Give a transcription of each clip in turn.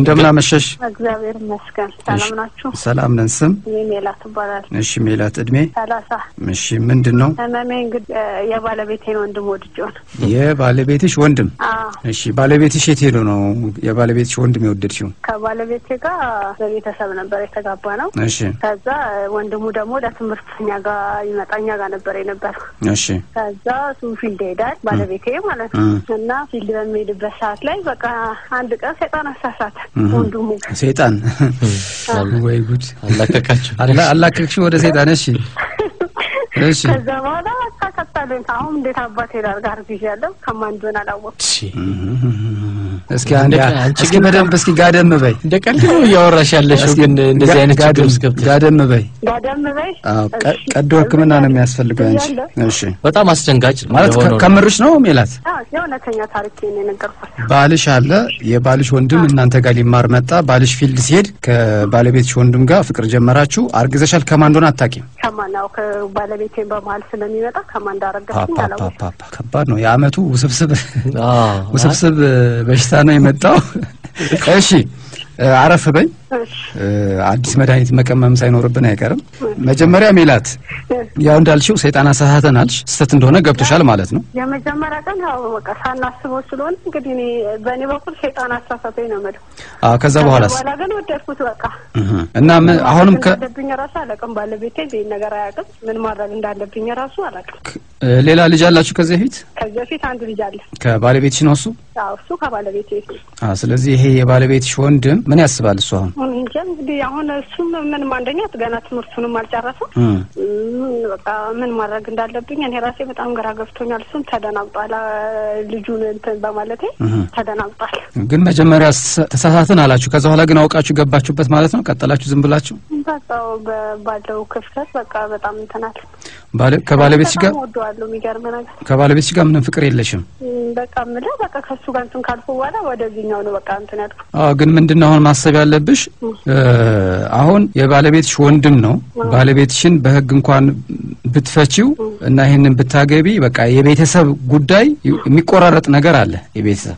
እንደምን አመሸሽ? እግዚአብሔር ይመስገን። ሰላም ናችሁ? ሰላም ነን። ስም? ሜላት ይባላል። እሺ ሜላት፣ እድሜ? ሰላሳ እሺ። ምንድን ነው ህመሜ? እንግዲህ የባለቤቴን ወንድም ወድጄውን። የባለቤትሽ ወንድም? እሺ። ባለቤትሽ የት ሄዶ ነው የባለቤትሽ ወንድም የወደድሽው? ከባለቤቴ ጋር በቤተሰብ ነበር የተጋባ ነው። እሺ። ከዛ ወንድሙ ደግሞ ለትምህርት እኛ ጋር ይመጣ እኛ ጋር ነበር የነበር። እሺ። ከዛ እሱ ፊልድ ባለቤቴ ማለት ነው። እና ፊልድ በሚሄድበት ሰዓት ላይ በቃ አንድ ቀን ሰይጣን አሳ አሳሳተ ወንድሙ ሴጣን ወይ ጉድ አላከካችሁ ወደ ሴጣን እሺ እሺ ከዛ በኋላ አሳሳታለኝ አሁን እንዴት ጋር ብያለሁ ከማን እንደሆነ አላወቅኩም እስኪ እስኪ በደንብ እስኪ ጋደም በይ። እንደ ቀልድ ነው እያወራሽ ያለሽው፣ ግን እንደዚህ አይነት ችግር ውስጥ ገብተሽ ጋደም በይ ጋደም በይ። አዎ ቀዶ ሕክምና ነው የሚያስፈልገው አንቺ። እሺ በጣም አስደንጋጭ ማለት ከምርሽ ነው ሜላት። የእውነተኛ ታሪክ የነገርኩት ባልሽ አለ የባልሽ ወንድም እናንተ ጋር ሊማር መጣ። ባልሽ ፊልድ ሲሄድ ከባለቤትሽ ወንድም ጋር ፍቅር ጀመራችሁ። አርግዘሻል። ከማን እንደሆነ አታውቂም። ከማን ያው ከባለቤቴን በመሀል ስለሚመጣ ከማን እንዳረገፍኩኝ አላውቅም። ከባድ ነው የአመቱ ውስብስብ ውስብስብ በሽታ ነው የመጣው። እሺ አረፍ በኝ። አዲስ መድኃኒት መቀመም ሳይኖርብን አይቀርም። መጀመሪያ ሜላት፣ ያው እንዳልሽው ሰይጣን አሳሳተን አልሽ፣ ስህተት እንደሆነ ገብቶሻል ማለት ነው። የመጀመሪያ ቀን ው በቃ ሳናስበው ስለሆነ እንግዲህ እኔ በእኔ በኩል ሰይጣን አሳሳተኝ ነው መድሁ። ከዛ በኋላ በኋላ ግን ወደድኩት በቃ እና አሁንም ከለብኝ ራሱ አላውቅም። ባለቤቴ ነገር አያውቅም። ምን ማድረግ እንዳለብኝ ራሱ አላውቅም። ሌላ ልጅ አላችሁ ከዚህ በፊት በፊት አንዱ ልጅ አለ። ከባለቤትሽ ነው እሱ? እሱ ከባለቤት ቤት። ስለዚህ ይሄ የባለቤትሽ ወንድም ምን ያስባል? እሱ አሁን እንጂ እንግዲህ አሁን እሱም ምንም አንደኛ ገና ትምህርቱንም አልጨረሰም። በቃ ምን ማድረግ እንዳለብኝ እኔ ራሴ በጣም ግራ ገብቶኛል። እሱም ተደናግጧል። ልጁን እንትን በማለቴ ተደናግጧል። ግን መጀመሪያ ተሳሳትን አላችሁ፣ ከዛ በኋላ ግን አውቃችሁ ገባችሁበት ማለት ነው? ቀጠላችሁ ዝም ብላችሁ እዛው ባለው ክፍተት በቃ በጣም እንትናል። ከባለቤት ጋር ወደዋለሁ። የሚገርም ነገር ከባለቤት ጋር ምንም ፍቅር የለሽም። በቃ የምልህ በቃ ከሱ ጋር እንትን ካልኩ በኋላ ወደዚህኛው ነው በቃ እንትን ያልኩ። አዎ፣ ግን ምንድን ነው አሁን ማሰብ ያለብሽ አሁን የባለቤትሽ ወንድም ነው። ባለቤትሽን በህግ እንኳን ብትፈቺው እና ይህንን ብታገቢ በቃ የቤተሰብ ጉዳይ የሚቆራረጥ ነገር አለ የቤተሰብ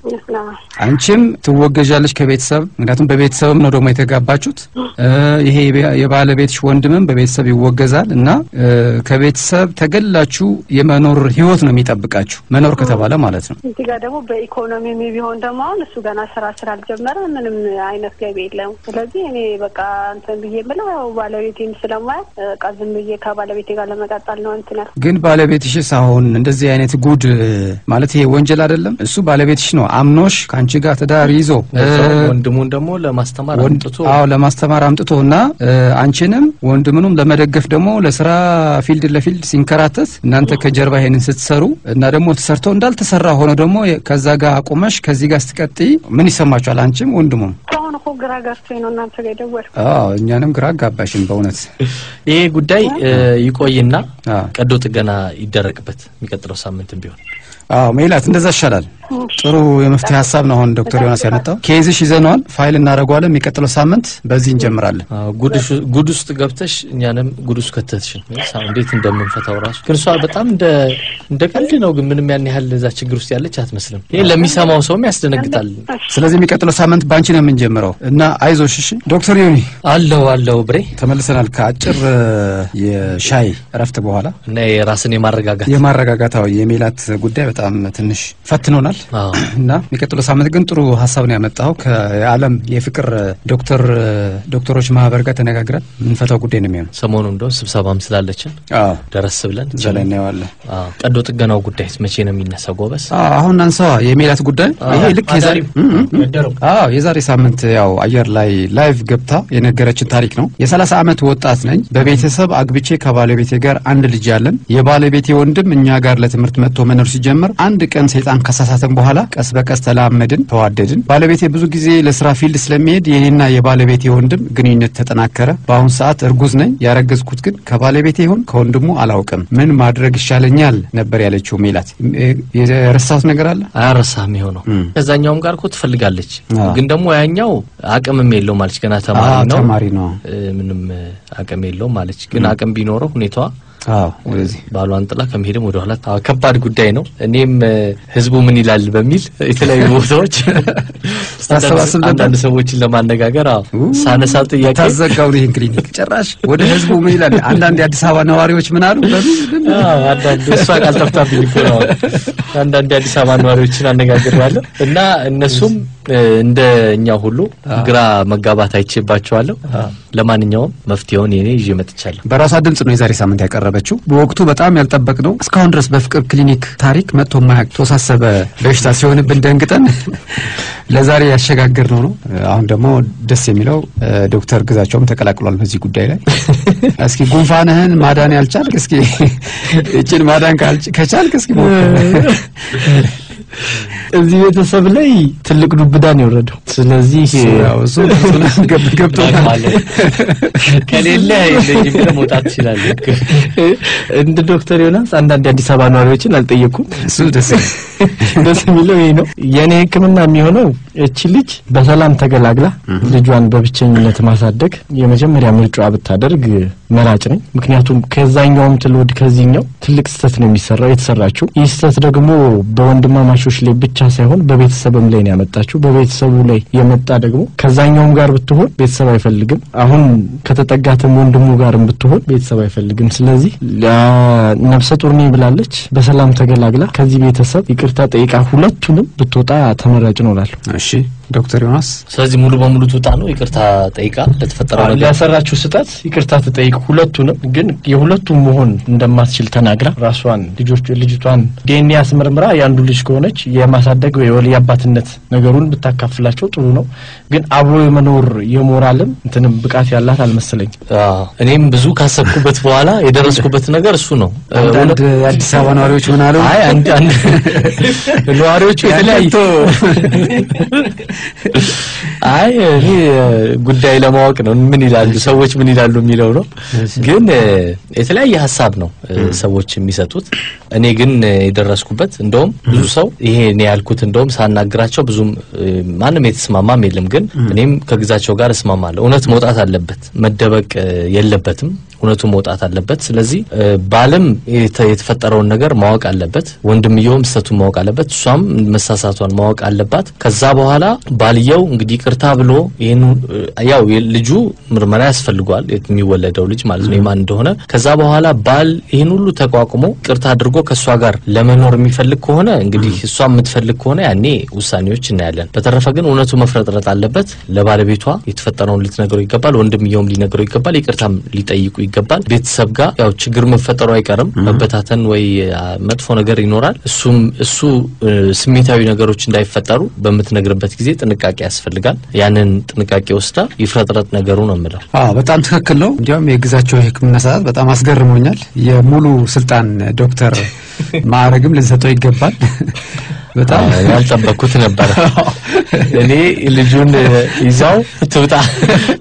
አንቺም ትወገዣለች ከቤተሰብ ምክንያቱም በቤተሰብም ነው ደግሞ የተጋባችሁት። ይሄ የባለቤትሽ ወንድምም በቤተሰብ ይወገዛል እና ከቤተሰብ ተገላችሁ የመኖር ህይወት ነው የሚጠብቃችሁ መኖር ከተባለ ማለት ነው። እዚህ ጋር ደግሞ በኢኮኖሚ ቢሆን ደግሞ አሁን እሱ ገና ስራ ስላልጀመረ ምንም አይነት ገቢ የለም። ስለዚህ እኔ በቃ እንትን ብዬ የምለው ያው ባለቤቴም ስለማያት በቃ ዝም ብዬ ከባለቤቴ ጋር ለመቀጣል ነው እንትን ግን ባለቤትሽስ አሁን እንደዚህ አይነት ጉድ ማለት ይሄ ወንጀል አይደለም? እሱ ባለቤትሽ ነው አምኖሽ ከአንቺ ጋር ትዳር ይዞ ወንድሙን ደግሞ ለማስተማር አምጥቶ አዎ ለማስተማር አምጥቶ እና አንቺንም ወንድምኑም ለመደገፍ ደግሞ ለስራ ፊልድ ለፊልድ ሲንከራተት እናንተ ከጀርባ ይሄንን ስትሰሩ እና ደግሞ ተሰርተው እንዳልተሰራ ሆኖ ደግሞ ከዛ ጋር አቁመሽ ከዚህ ጋር ስትቀጥይ ምን ይሰማችኋል? አንቺም ወንድሙም አሁን እኮ ግራ ጋብቶኝ ነው እናንተ ጋር የደወልኩት። አዎ እኛንም ግራ አጋባሽን በእውነት ይሄ ጉዳይ ይቆይና ቀዶ ጥገና ይደረግበት የሚቀጥለው ሳምንትም ቢሆን። አዎ ሜላት፣ እንደዛ ይሻላል። ጥሩ የመፍትሄ ሀሳብ ነው አሁን ዶክተር ዮናስ ያመጣው። ኬዝሽ ይዘነዋል፣ ፋይል እናደርገዋለን። የሚቀጥለው ሳምንት በዚህ እንጀምራለን። ጉድ ውስጥ ገብተሽ እኛንም ጉድ ውስጥ ከተትሽን እንዴት እንደምንፈታው ራሱ ግን እሷ በጣም እንደ ቀልድ ነው፣ ግን ምንም ያን ያህል እዛ ችግር ውስጥ ያለች አትመስልም። ይህ ለሚሰማው ሰውም ያስደነግጣል። ስለዚህ የሚቀጥለው ሳምንት ባንቺ ነው የምንጀምር የምንጀምረው እና አይዞሽ። እሺ ዶክተር ዮኒ አለው አለው ብሬ ተመልሰናል። ከአጭር የሻይ እረፍት በኋላ እና የራስን የማረጋጋት የማረጋጋታዊ የሜላት ጉዳይ በጣም ትንሽ ፈትኖናል እና የሚቀጥለው ሳምንት ግን ጥሩ ሀሳብ ነው ያመጣው ከዓለም የፍቅር ዶክተር ዶክተሮች ማህበር ጋር ተነጋግረን የምንፈታው ጉዳይ ነው የሚሆነው። ሰሞኑ እንደ ስብሰባም ስላለችን ደረስ ብለን እዛ ቀዶ ጥገናው ጉዳይ መቼ ነው የሚነሳው? ጎበስ አሁን አንሳ የሜላት ጉዳይ ይሄ ልክ የዛሬ ሳምንት ያው አየር ላይ ላይቭ ገብታ የነገረችን ታሪክ ነው። የሰላሳ ዓመት ወጣት ነኝ። በቤተሰብ አግብቼ ከባለቤቴ ጋር አንድ ልጅ ያለን። የባለቤቴ ወንድም እኛ ጋር ለትምህርት መጥቶ መኖር ሲጀምር አንድ ቀን ሰይጣን ከሳሳተን በኋላ ቀስ በቀስ ተላመድን፣ ተዋደድን። ባለቤቴ ብዙ ጊዜ ለስራ ፊልድ ስለሚሄድ የኔና የባለቤቴ ወንድም ግንኙነት ተጠናከረ። በአሁኑ ሰዓት እርጉዝ ነኝ። ያረገዝኩት ግን ከባለቤቴ ይሁን ከወንድሙ አላውቅም። ምን ማድረግ ይሻለኛል ነበር ያለችው ሜላት። የረሳት ነገር አለ አያረሳም የሆነው ከዛኛውም ጋር እኮ ትፈልጋለች ግን ደግሞ ያኛው ነው አቅምም የለው ማለች ገና ተማሪ ነው። ተማሪ ነው ምንም አቅም የለው ማለች። ግን አቅም ቢኖረው ሁኔቷ ባሏን ጥላ ከመሄድም ወደ ኋላ ከባድ ጉዳይ ነው። እኔም ህዝቡ ምን ይላል በሚል የተለያዩ ቦታዎች አንዳንድ ሰዎችን ለማነጋገር ሳነሳ ጥያቄ ታዘጋው ይህን ክሊኒክ ጭራሽ ወደ ህዝቡ ምን ይላል። አንዳንድ የአዲስ አበባ ነዋሪዎች ምን አሉ? አንዳንድ እሷ ቃል ጠፍታብኝ እኮ ነው። አንዳንድ የአዲስ አበባ ነዋሪዎችን አነጋግሬያለሁ እና እነሱም እንደ እኛ ሁሉ ግራ መጋባት አይቼባቸዋለሁ። ለማንኛውም መፍትሄውን የኔ ይዤ መጥቻለሁ። በራሷ ድምጽ ነው የዛሬ ሳምንት ያቀረበችው። በወቅቱ በጣም ያልጠበቅ ነው። እስካሁን ድረስ በፍቅር ክሊኒክ ታሪክ መጥቶ ማያቅ ተወሳሰበ በሽታ ሲሆንብን ደንግጠን ለዛሬ ያሸጋግር ነው ነው። አሁን ደግሞ ደስ የሚለው ዶክተር ግዛቸውም ተቀላቅሏል በዚህ ጉዳይ ላይ። እስኪ ጉንፋንህን ማዳን ያልቻልክ እስኪ እችን ማዳን ከቻልክ እስኪ እዚህ ቤተሰብ ላይ ትልቅ ዱብዳን የወረደው። ስለዚህ ገብቶናል። ከሌለ የለኝም መውጣት ትችላለህ። እንደ ዶክተር ዮናስ አንዳንድ የአዲስ አበባ ነዋሪዎችን አልጠየቅኩም። እሱ ደስ ደስ የሚለው ይሄ ነው። የእኔ ሕክምና የሚሆነው እቺ ልጅ በሰላም ተገላግላ ልጇን በብቸኝነት ማሳደግ የመጀመሪያ ምርጫ ብታደርግ መራጭ ነኝ። ምክንያቱም ከዛኛውም ትልወድ ከዚህኛው ትልቅ ስህተት ነው የሚሰራው የተሰራችው። ይህ ስህተት ደግሞ በወንድማማች ተከሳሾች ላይ ብቻ ሳይሆን በቤተሰብም ላይ ነው ያመጣችው። በቤተሰቡ ላይ የመጣ ደግሞ ከዛኛውም ጋር ብትሆን ቤተሰብ አይፈልግም። አሁን ከተጠጋትም ወንድሙ ጋርም ብትሆን ቤተሰብ አይፈልግም። ስለዚህ ነብሰ ጡር ነኝ ብላለች። በሰላም ተገላግላ ከዚህ ቤተሰብ ይቅርታ ጠይቃ ሁለቱንም ብትወጣ ተመራጭ ነው እላለሁ። እሺ ዶክተር ዮናስ ስለዚህ ሙሉ በሙሉ ትውጣ ነው ይቅርታ ጠይቃ ለተፈጠረ ነገር ያሰራችው ስጠት ይቅርታ ትጠይቅ ሁለቱንም ግን የሁለቱ መሆን እንደማትችል ተናግራ ራሷን ልጆች ልጅቷን ዲኤንኤ አስመርምራ የአንዱ ልጅ ከሆነች የማሳደግ የወልይ አባትነት ነገሩን ብታካፍላቸው ጥሩ ነው ግን አብሮ የመኖር የሞራልም እንትንም ብቃት ያላት አልመስለኝ እኔም ብዙ ካሰብኩበት በኋላ የደረስኩበት ነገር እሱ ነው አንድ የአዲስ አበባ ነዋሪዎች ምን አሉ ነዋሪዎቹ የተለያዩ አይ ይሄ ጉዳይ ለማወቅ ነው ምን ይላሉ ሰዎች ምን ይላሉ የሚለው ነው። ግን የተለያየ ሀሳብ ነው ሰዎች የሚሰጡት። እኔ ግን የደረስኩበት እንደውም ብዙ ሰው ይሄ እኔ ያልኩት እንደውም ሳናግራቸው ብዙም ማንም የተስማማም የለም። ግን እኔም ከግዛቸው ጋር እስማማለሁ። እውነት መውጣት አለበት፣ መደበቅ የለበትም። እውነቱ መውጣት አለበት። ስለዚህ ባልም የተፈጠረውን ነገር ማወቅ አለበት። ወንድምየውም ስህተቱን ማወቅ አለበት። እሷም መሳሳቷን ማወቅ አለባት። ከዛ በኋላ ባልየው እንግዲህ ቅርታ ብሎ ይህን ያው ልጁ ምርመራ ያስፈልገዋል የሚወለደው ልጅ ማለት ነው የማን እንደሆነ። ከዛ በኋላ ባል ይህን ሁሉ ተቋቁሞ ቅርታ አድርጎ ከእሷ ጋር ለመኖር የሚፈልግ ከሆነ እንግዲህ እሷ የምትፈልግ ከሆነ ያኔ ውሳኔዎች እናያለን። በተረፈ ግን እውነቱ መፍረጥረጥ አለበት። ለባለቤቷ የተፈጠረውን ልትነግረው ይገባል። ወንድምየውም ሊነግረው ይገባል። ይቅርታም ሊጠይቁ ይገባል። ይገባል። ቤተሰብ ጋር ያው ችግር መፈጠሩ አይቀርም፣ መበታተን ወይ መጥፎ ነገር ይኖራል። እሱም እሱ ስሜታዊ ነገሮች እንዳይፈጠሩ በምትነግርበት ጊዜ ጥንቃቄ ያስፈልጋል። ያንን ጥንቃቄ ወስዳ ይፍረጥረጥ ነገሩ ነው የምለው። በጣም ትክክል ነው። እንዲያውም የግዛቸው የሕክምና ሰዓት በጣም አስገርሞኛል። የሙሉ ስልጣን ዶክተር ማዕረግም ልንሰጠው ይገባል። በጣም ያልጠበኩት ነበረ። እኔ ልጁን ይዛው ትውጣ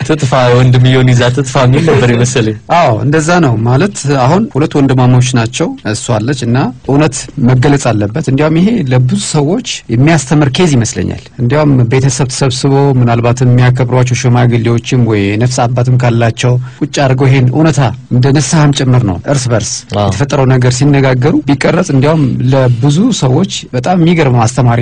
ትጥፋ፣ ወንድምየውን ይዛ ትጥፋ የሚል ነበር ይመስለኝ። አዎ እንደዛ ነው ማለት አሁን ሁለት ወንድማሞች ናቸው፣ እሷ አለች እና እውነት መገለጽ አለበት። እንዲያውም ይሄ ለብዙ ሰዎች የሚያስተምር ኬዝ ይመስለኛል። እንዲያውም ቤተሰብ ተሰብስቦ ምናልባትም የሚያከብሯቸው ሽማግሌዎችም ወይ ነፍስ አባትም ካላቸው ቁጭ አድርገው ይሄን እውነታ እንደ ንስሐም ጭምር ነው እርስ በርስ የተፈጠረው ነገር ሲነጋገሩ ቢቀረጽ እንዲያውም ለብዙ ሰዎች በጣም የሚገ የሚገርም አስተማሪ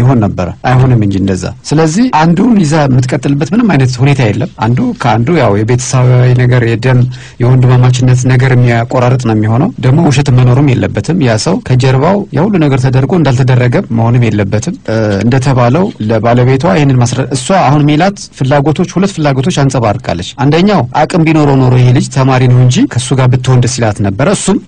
ይሆን ነበረ። አይሆንም እንጂ እንደዛ። ስለዚህ አንዱን ይዛ የምትቀጥልበት ምንም አይነት ሁኔታ የለም። አንዱ ከአንዱ ያው የቤተሰባዊ ነገር የደም የወንድማማችነት ነገር የሚያቆራርጥ ነው የሚሆነው። ደግሞ ውሸት መኖሩም የለበትም። ያ ሰው ከጀርባው የሁሉ ነገር ተደርጎ እንዳልተደረገም መሆንም የለበትም። እንደተባለው ለባለቤቷ ይህንን ማስረ እሷ አሁን ሜላት ፍላጎቶች ሁለት ፍላጎቶች አንጸባርቃለች። አንደኛው አቅም ቢኖረው ኖሮ ይሄ ልጅ ተማሪ ነው እንጂ ከእሱ ጋር ብትሆን ደስ ይላት ነበረ። እሱም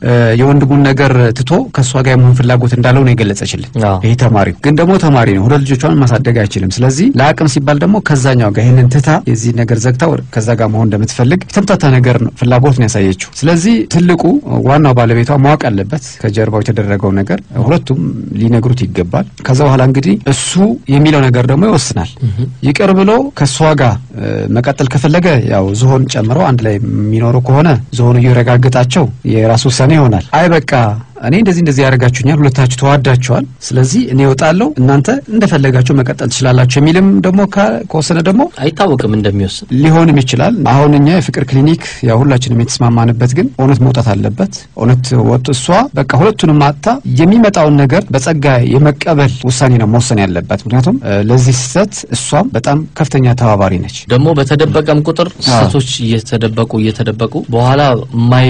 የወንድሙን ነገር ትቶ ከእሷ ጋር የመሆን ፍላጎት እንዳለው ነው የገለጸችልን። ይህ ተማሪ ግን ደግሞ ተማሪ ነው፣ ሁለት ልጆቿን ማሳደግ አይችልም። ስለዚህ ለአቅም ሲባል ደግሞ ከዛኛው ጋር ይህንን ትታ የዚህ ነገር ዘግታ ከዛ ጋር መሆን እንደምትፈልግ የተምታታ ነገር ነው፣ ፍላጎት ነው ያሳየችው። ስለዚህ ትልቁ ዋናው ባለቤቷ ማወቅ አለበት ከጀርባው የተደረገው ነገር ሁለቱም ሊነግሩት ይገባል። ከዛ በኋላ እንግዲህ እሱ የሚለው ነገር ደግሞ ይወስናል። ይቅር ብሎ ከእሷ ጋር መቀጠል ከፈለገ ያው ዝሆን ጨምረው አንድ ላይ የሚኖሩ ከሆነ ዝሆኑ እየረጋግጣቸው የራሱ ውሳኔ ይሆናል። አይ በቃ እኔ እንደዚህ እንደዚህ ያደረጋችሁኛል፣ ሁለታችሁ ተዋዳችኋል፣ ስለዚህ እኔ እወጣለሁ፣ እናንተ እንደፈለጋችሁ መቀጠል ትችላላችሁ የሚልም ደግሞ ከወሰነ ደግሞ አይታወቅም እንደሚወስን ሊሆንም ይችላል። አሁን እኛ የፍቅር ክሊኒክ ያው ሁላችንም የተስማማንበት ግን እውነት መውጣት አለበት። እውነት ወጡ እሷ በቃ ሁለቱንም አጥታ የሚመጣውን ነገር በጸጋ የመቀበል ውሳኔ ነው መወሰን ያለበት። ምክንያቱም ለዚህ ስህተት እሷም በጣም ከፍተኛ ተባባሪ ነች። ደግሞ በተደበቀም ቁጥር ስህተቶች እየተደበቁ እየተደበቁ በኋላ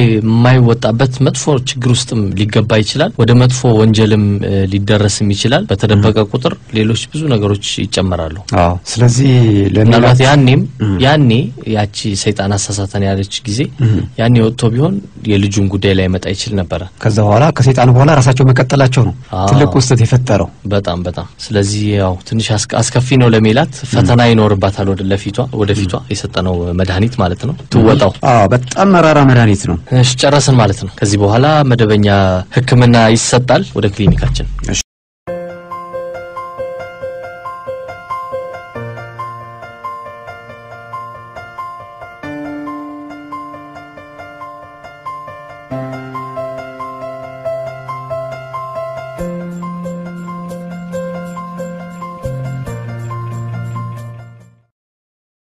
የማይወጣበት መጥፎ ችግር ውስጥም ሊገባ ሊገባ ይችላል። ወደ መጥፎ ወንጀልም ሊደረስም ይችላል። በተደበቀ ቁጥር ሌሎች ብዙ ነገሮች ይጨመራሉ። ስለዚህ ምናልባት ያኔም ያኔ ያቺ ሰይጣን አሳሳተን ያለች ጊዜ ያኔ ወጥቶ ቢሆን የልጁን ጉዳይ ላይ መጣ ይችል ነበረ። ከዛ በኋላ ከሴጣን በኋላ ራሳቸው መቀጠላቸው ነው ትልቅ ውስጠት የፈጠረው። በጣም በጣም ስለዚህ ያው ትንሽ አስከፊ ነው ለሜላት ፈተና ይኖርባታል። ወደ ለፊቷ ወደፊቷ የሰጠነው መድኃኒት ማለት ነው ትወጣው። በጣም መራራ መድኃኒት ነው። ጨረስን ማለት ነው። ከዚህ በኋላ መደበኛ ሕክምና ይሰጣል ወደ ክሊኒካችን